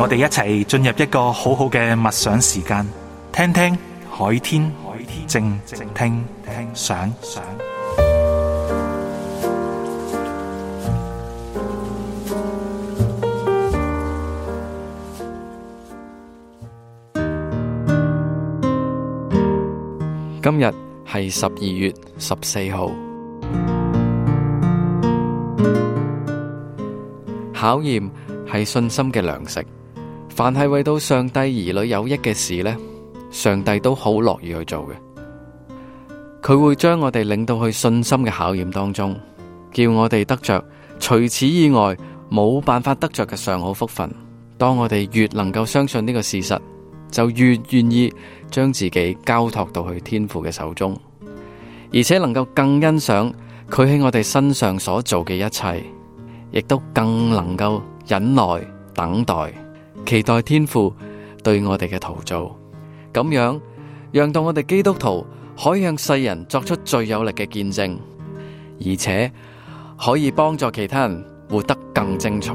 我哋一齊進入一個好好嘅默想時間，聽聽海天，海天靜靜聽想。今日係十二月十四號，考驗係信心嘅糧食。凡係為到上帝兒女有益嘅事呢，上帝都好樂意去做嘅。佢會將我哋領到去信心嘅考驗當中，叫我哋得着除此以外冇辦法得着嘅上好福分。當我哋越能夠相信呢個事實，就越願意將自己交託到去天父嘅手中，而且能夠更欣賞佢喺我哋身上所做嘅一切，亦都更能夠忍耐等待。期待天父對我哋嘅陶造，咁樣讓到我哋基督徒可以向世人作出最有力嘅見證，而且可以幫助其他人活得更精彩。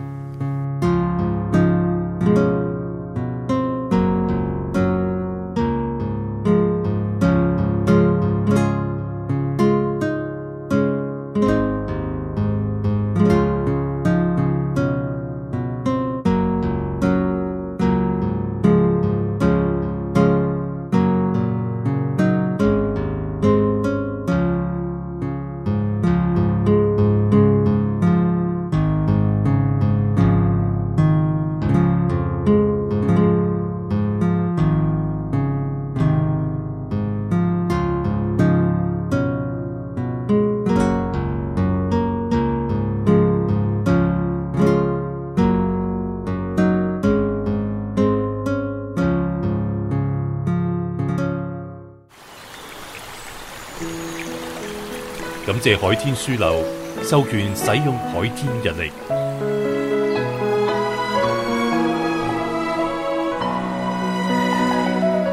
感謝海天書樓授權使用海天日曆，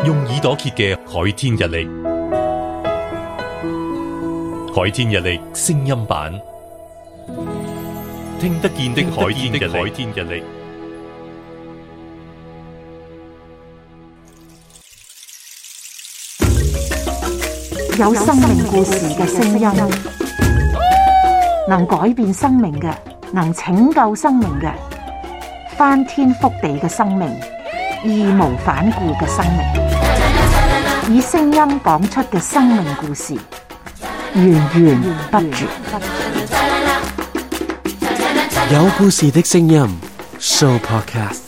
用耳朵揭嘅海天日曆，海天日曆聲音版，聽得見的海天日曆。有生命故事嘅聲音，能改變生命嘅，能拯救生命嘅，翻天覆地嘅生命，義無反顧嘅生命，以聲音講出嘅生命故事，源源不絕。有故事的聲音，Sooo Podcast。